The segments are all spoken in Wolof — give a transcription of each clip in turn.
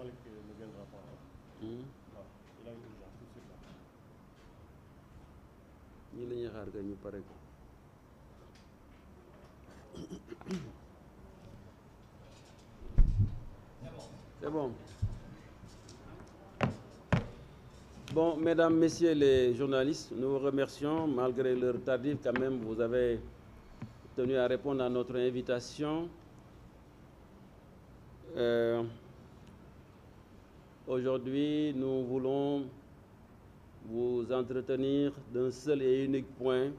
Malik ne viendra pas. Non, bon. Bon, mesdames, messieurs les journalistes, nous vous remercions. Malgré l'heure tardive, quand tenu à répondre à notre invitation. Euh, Aujourd'hui, nous voulons vous entretenir d'un seul et unique point.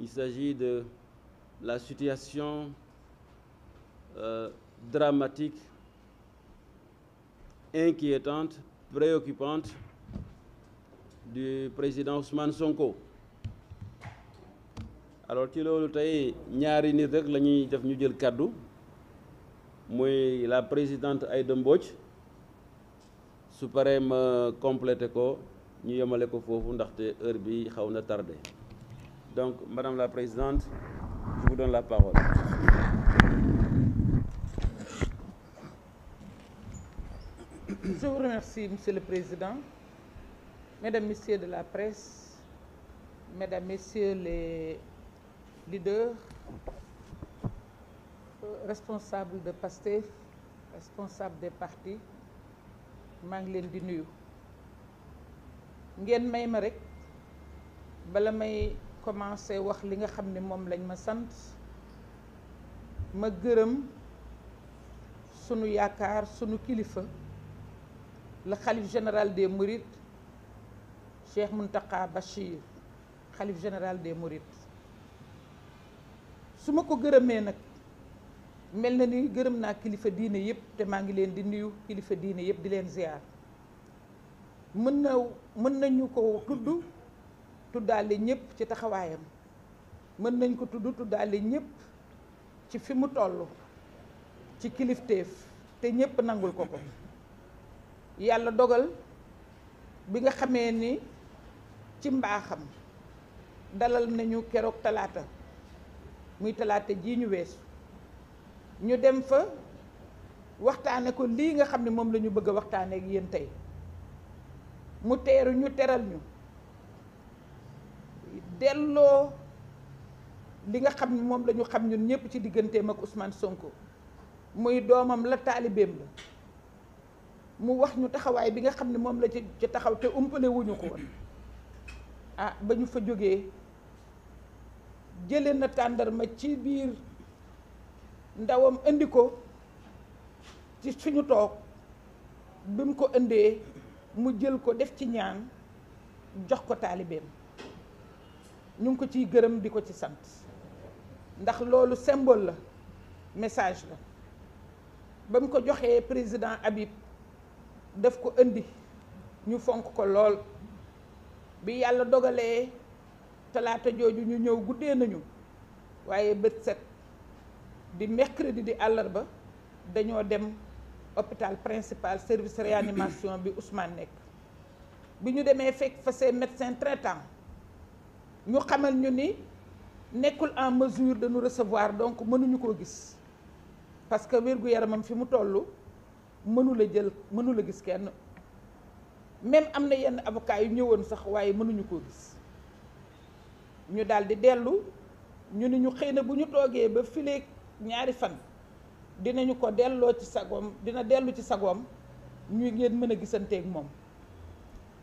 Il s'agit de la situation euh, dramatique, inquiétante, préoccupante du président Ousmane Sonko. alors ci loolu tey ñaari nit rek la ñuy def ñu jël kàddu mooy la présidente Aïda Mbodj su paree ma complété ko ñu yemale ko foofu ndaxte heure bi xaw na tardé donc madame la présidente je vous donne la parole Je vous remercie, le Président, Mesdames, Messieurs de la presse, Mesdames, Messieurs les leaders, responsables de PASTEF, responsables des partis, maa ngi leen di nuyu ngeen may ma rekk bala may commencé wax li nga xam ne moom lañ ma sant ma gërëm sunu yaakaar sunu kilifa la xalif général des Mourides Cheikh Mountakha Bachir xalif général des Mourides su ma ko gërëmee nag. mel na ni gërëm naa kilifa diine yëpp te maa ngi leen di nuyu kilifa diine yëpp di leen ziar mën na mën nañu ko tudd tuddaale ñëpp ci taxawaayam mën nañ ko tudd tuddaale ñëpp ci fi mu toll ci kilifteef te ñëpp nangul ko ko yàlla dogal bi nga xamee ni ci mbaaxam dalal nañu keroog talaata muy talaata jii ñu wees ñu dem fa waxtaane ko lii nga xam ne moom lañu bëgg a waxtaane yéen tey mu teeru ñu teral ñu delloo li nga xam ne moom lañu xam ñun ñëpp ci digganteem ak usmaan Sonko muy doomam la taalibeem la mu wax ñu taxawaay bi nga xam ne moom la ci ci taxaw te umpale ko woon ah ba ñu fa jógee jëlee na tàndarma ci biir ndawam indi ko ci suñu toog bi mu ko indee mu jël ko def ci ñaan jox ko taalibeem ñu ngi ko ciy gërëm di ko ci sant ndax loolu symbole la message la ba mu ko joxee président Habib daf ko indi ñu fonk ko lool bi yàlla dogalee talaata jooju ñu ñëw guddee nañu waaye bët set di mercredi di àllarba dañoo dem hôpital principal service réanimation bi Ousmane nekk bi ñu demee fekk fa ces médecins traitants ñu xamal ñu ni nekkul en mesure de nous recevoir donc mënuñu koo gis parce que wér-gu-yaramam fi mu tollu mënula jël mënu la gis kenn même am na yenn avocat yu ñëwoon sax waaye mënuñu ko gis ñu daal di dellu ñu ni ñu xëy na bu ñu toogee ba fileeg ñaari fan dinañu ko delloo ci sagoom dina dellu ci sagoom ñu ngeen mën a gisanteek moom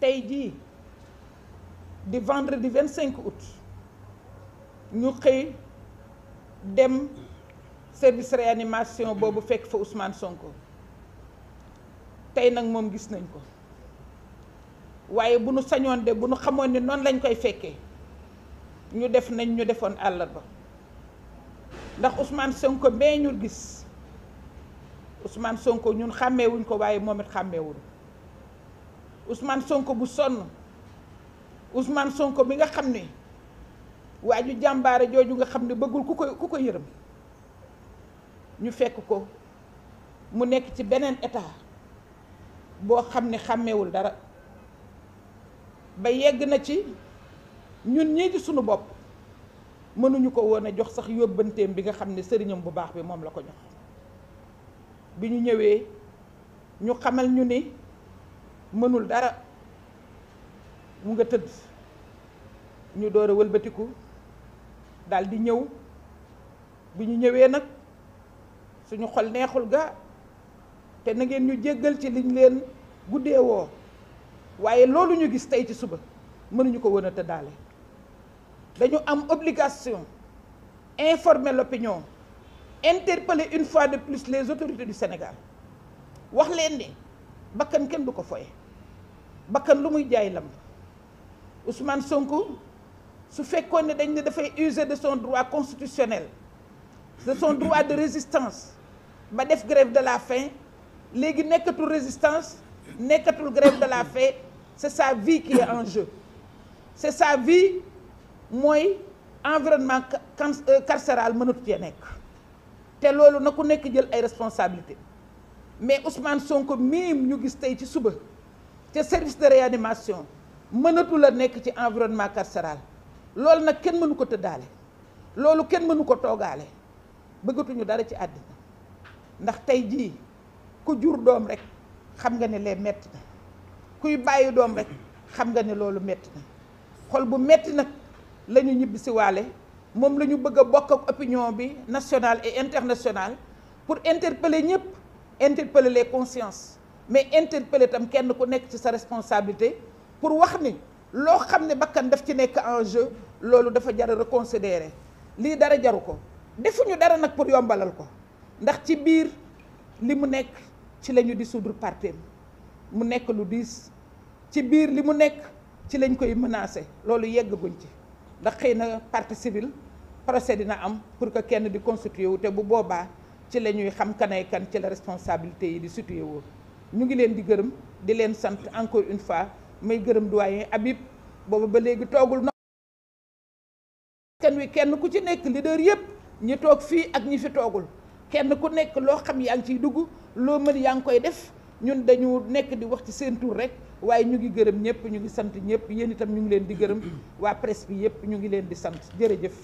tey jii di vendredi cinq août ñu xëy dem service réanimation boobu fekk fa Ousmane Sonko tey nag moom gis nañ ko waaye bu nu sañoon de bu nu xamoon ni noonu lañ koy fekkee ñu def nañ ñu defoon àllarba. ndax usmaan Sonko bee ñu gis usmaan Sonko ñun xàmmewuñ ko waaye moom it xàmmeewuñu Ousmane Sonko bu sonn usmaan Sonko bi nga xam ne waa ju jàmbaare jooju nga xam ne bëggul ku ko ku ko yërëm ñu fekk ko mu nekk ci beneen état boo xam ne xàmmewul dara ba yegg na ci ñun ñii di sunu bopp mënuñu ko woon a jox sax yóbbanteem bi nga xam ne sëriñam bu baax bi moom la ko jox bi ñu ñëwee ñu xamal ñu ni mënul dara mu nga tëdd ñu door a wëlbatiku daldi ñëw bi ñu ñëwee nag suñu xol neexul ga te na ngeen ñu jéggal ci liñ leen guddee woo waaye loolu ñu gis tey ci suba mënuñu ko woon a tëddaale dañu am obligation informer l'opinion interpeller une fois de plus les autorités du Sénégal wax leen ni bakkan kenn du ko foye bakkan lu muy jaay lamb Ousmane Sonko su fekkoon ne dañ ne dafay user de son droit constitutionnel de son droit de résistance ba def grève de la faim léegi nekkatul résistance nekkatul grève de la faim c'est sa vie qui est en jeu c'est sa vie mooy environnement euh, carcéral mënatu cee nekk te loolu na ku nekk jël ay responsabilité mais Ousmane Sonko miim ñu gis tey ci suba ca service de réanimation mënatu la nekk ci environnement carcéral loolu nag kenn mënu ko tëddaale loolu kenn mënu ko toogaale bëggatuñu dara ci àddina ndax tey jii ku jur doom rek xam nga ne lee metti na kuy bàyyi doom rek xam nga ne loolu metti na xol bu metti nag la ñu ñibbi si moom la ñu bëgg a bokk ak opinion bi nationale et international pour interpeller ñëpp interpeller les consciences mais interpeller tam kenn ku nekk ci sa responsabilité pour wax ni loo xam ne bakkan daf ci nekk en jeu loolu dafa jar a reconsidérer lii dara jaru ko defuñu dara nag pour yombalal ko ndax ci biir li mu nekk ci lañu ñu dissoudre parti mu nekk lu diis ci biir li mu nekk ci lañ koy menacer loolu yegg guñ ci ndax xëy na partie civile procès dina am pour que kenn di constitué wu te bu boobaa ci la ñuy xam kanay kan ci la responsabilité yi di situé wu ñu ngi leen di gërëm di leen sant encore une fois may gërëm doyen Habib boobu ba léegi toogul na kan wi kenn ku ci nekk leader yëpp ñi toog fii ak ñi fi toogul kenn ku nekk loo xam yaa ngi ciy dugg loo mën yaa ngi koy def ñun dañu nekk di wax ci seen tur rek waaye ñu ngi gërëm ñëpp ñu ngi sant ñëpp yéen itam ñu ngi leen di gërëm waa presse bi yëpp ñu ngi leen di sant jërëjëf